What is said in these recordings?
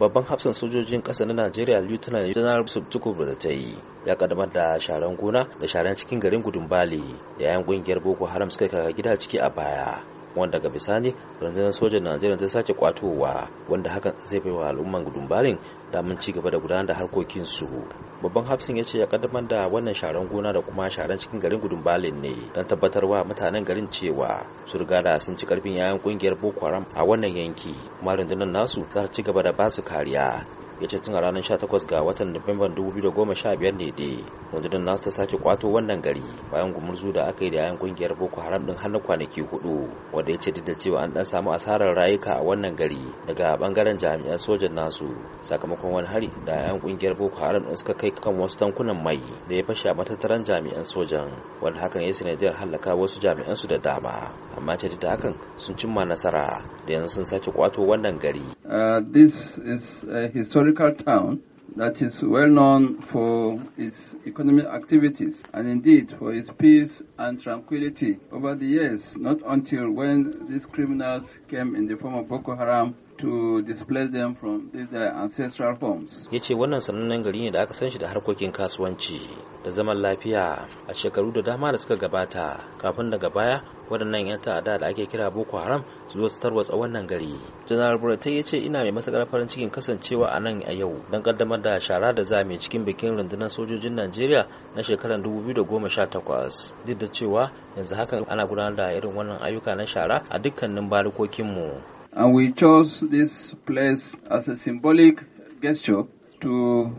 babban hafsan sojojin ƙasa na najeriya lieutenant general yusuf tukur da ta yi ya kaddamar da sharan gona da sharan cikin garin gudun bali yayin ƙungiyar boko haram suka kaga gida ciki a baya wanda daga bisani rundunar sojan najeriya ta sake kwatowa wanda hakan zai baiwa al'umman gudunbarin daman ci gaba da gudanar da harkokinsu babban hafsin ya ce ya kaddamar da wannan sharan gona da kuma sharan cikin garin gudunbalin ne don tabbatarwa mutanen garin cewa su riga da sun ci karfin yayan kungiyar boko haram a wannan yanki kuma rundunar nasu za ci gaba da basu kariya ya ce tun a ranar 18 ga watan Nuwamban 2015 ne dai rundunar nasu ta sake kwato wannan gari bayan gumurzu da aka yi da yayan kungiyar Boko Haram din har kwanaki hudu wanda ya ce duk da cewa an dan samu asarar rayuka a wannan gari daga bangaren jami'an sojan nasu sakamakon wani hari da yayan kungiyar Boko Haram din suka kai kan wasu tankunan mai da ya fashe a matattaran jami'an sojan wanda hakan ya sanadiyar hallaka wasu jami'an su da dama amma ce da hakan sun cimma nasara da yanzu sun sake kwato wannan gari. Uh, this is historic historical town that is well known for its economic activities and indeed for its peace and tranquility over the years, not until when these criminals came in the form of Boko Haram to displace them from their ancestral homes. da zaman lafiya a shekaru da dama da suka gabata kafin daga baya wadannan 'yan ta'adda da ake kira boko haram su zo su tarwatsa wannan gari janar buratai ya ce ina mai matuƙar farin cikin kasancewa a nan a yau don kaddamar da shara da za mai cikin bikin rundunar sojojin najeriya na shekarar 2018 duk da cewa yanzu haka ana gudanar da irin wannan ayyuka na shara a dukkanin barikokinmu and we chose this place as a symbolic gesture to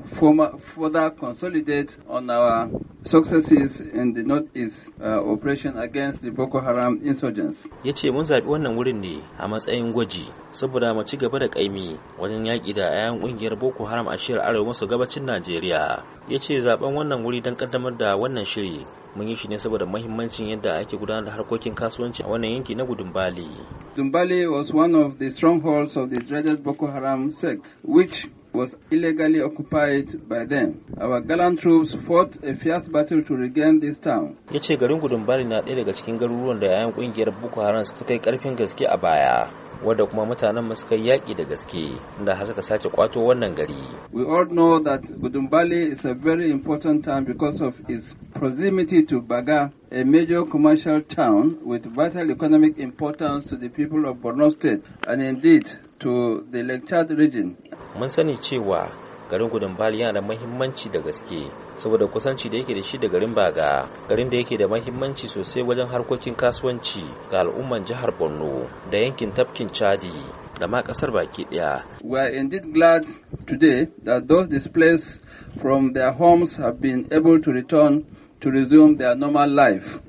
further consolidate on our successes in the northeast uh, operation against the Boko Haram insurgents. Ya ce mun zaɓi wannan wurin ne a matsayin gwaji saboda mu ci gaba da ƙaimi wajen yaƙi da 'ya'yan ƙungiyar Boko Haram a shiyar arewa masu gabacin Najeriya. Ya ce zaɓen wannan wuri don ƙaddamar da wannan shiri mun yi shi ne saboda mahimmancin yadda ake gudanar da harkokin kasuwanci a wannan yanki na Gudumbali. Dumbali was one of the strongholds of the dreaded Boko Haram sect, which was illegally occupied by them. Our gallant troops fought a fierce battle to regain this town. Ya ce garin Gudumbari na ɗaya daga cikin garuruwan da yayan kungiyar Boko Haram suka kai ƙarfin gaske a baya. wadda kuma mutanen mu suka yaƙi da gaske da har suka sake kwato wannan gari. We all know that Gudumbali is a very important town because of its proximity to Baga, a major commercial town with vital economic importance to the people of Borno State and indeed to the Lake region. Mun sani cewa garin Gudunbali yana da mahimmanci da gaske saboda kusanci da yake da shi da garin Baga, garin da yake da mahimmanci sosai wajen harkokin kasuwanci ga al'umman jihar Borno da yankin tafkin Chadi da ma kasar baki daya. We are indeed glad today that those displaced from their homes have been able to return to resume their normal life.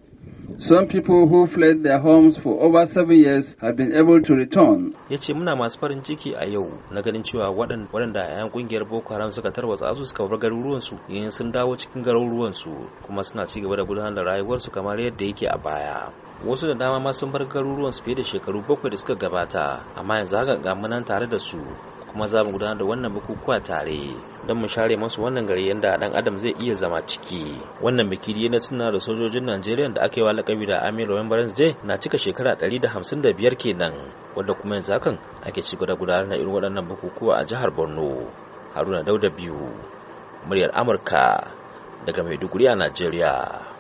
Some people who fled their homes for over seven years have been able to return. Ya ce muna masu farin ciki a yau na ganin cewa waɗanda 'yan ƙungiyar Boko Haram suka tarwatsa su suka bar garuruwansu yayin sun dawo cikin garuruwansu kuma suna ci gaba da gudanar da rayuwarsu kamar yadda yake a baya. wasu da dama ma sun bar garuruwansu fiye da shekaru bakwai da suka gabata amma yanzu haka ga nan tare da su kuma za mu gudanar da wannan bukukuwa tare don mu share masu wannan gari yadda dan adam zai iya zama ciki wannan biki dai na tuna da sojojin Najeriya da aka yi wa lakabi da Amir Remembrance Day na cika shekara ɗari da da hamsin biyar kenan wanda kuma yanzu hakan ake ci gaba gudanar da irin waɗannan bukukuwa a jihar Borno Haruna Dauda biyu muryar Amurka daga Maiduguri a Najeriya